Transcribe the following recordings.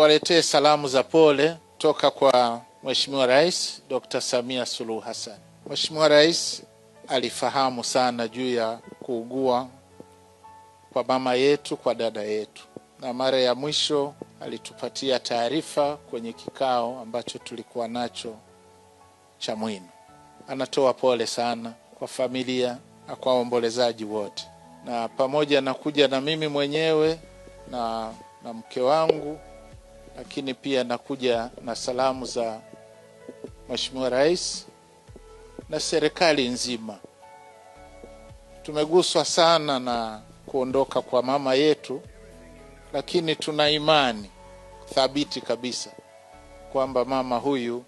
niwaletee salamu za pole toka kwa Mheshimiwa Rais Dr. Samia Suluhu Hassan. Mheshimiwa Rais alifahamu sana juu ya kuugua kwa mama yetu, kwa dada yetu, na mara ya mwisho alitupatia taarifa kwenye kikao ambacho tulikuwa nacho cha Mwino. Anatoa pole sana kwa familia na kwa waombolezaji wote, na pamoja na kuja na mimi mwenyewe na, na mke wangu lakini pia nakuja na salamu za Mheshimiwa Rais na serikali nzima. Tumeguswa sana na kuondoka kwa mama yetu, lakini tuna imani thabiti kabisa kwamba mama huyu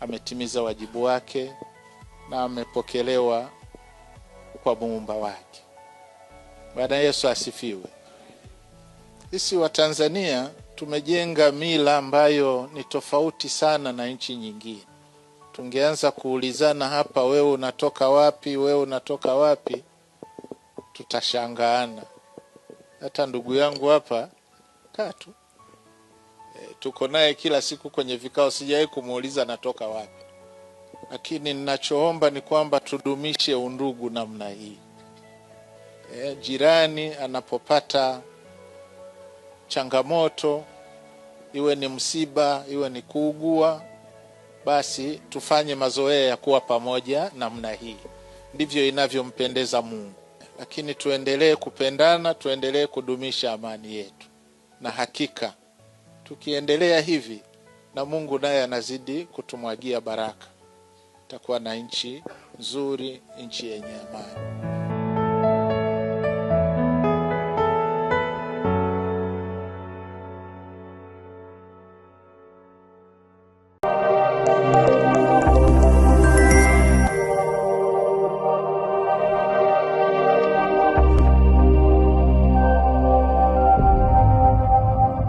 ametimiza wajibu wake na amepokelewa kwa muumba wake. Bwana Yesu asifiwe. Sisi Watanzania tumejenga mila ambayo ni tofauti sana na nchi nyingine. Tungeanza kuulizana hapa, wewe unatoka wapi? Wewe unatoka wapi? Tutashangaana. Hata ndugu yangu hapa katu e, tuko naye kila siku kwenye vikao, sijawahi kumuuliza natoka wapi, lakini ninachoomba ni kwamba tudumishe undugu namna hii. E, jirani anapopata changamoto, iwe ni msiba, iwe ni kuugua, basi tufanye mazoea ya kuwa pamoja namna hii. Ndivyo inavyompendeza Mungu. Lakini tuendelee kupendana, tuendelee kudumisha amani yetu, na hakika tukiendelea hivi, na Mungu naye anazidi kutumwagia baraka, takuwa na nchi nzuri, nchi yenye amani.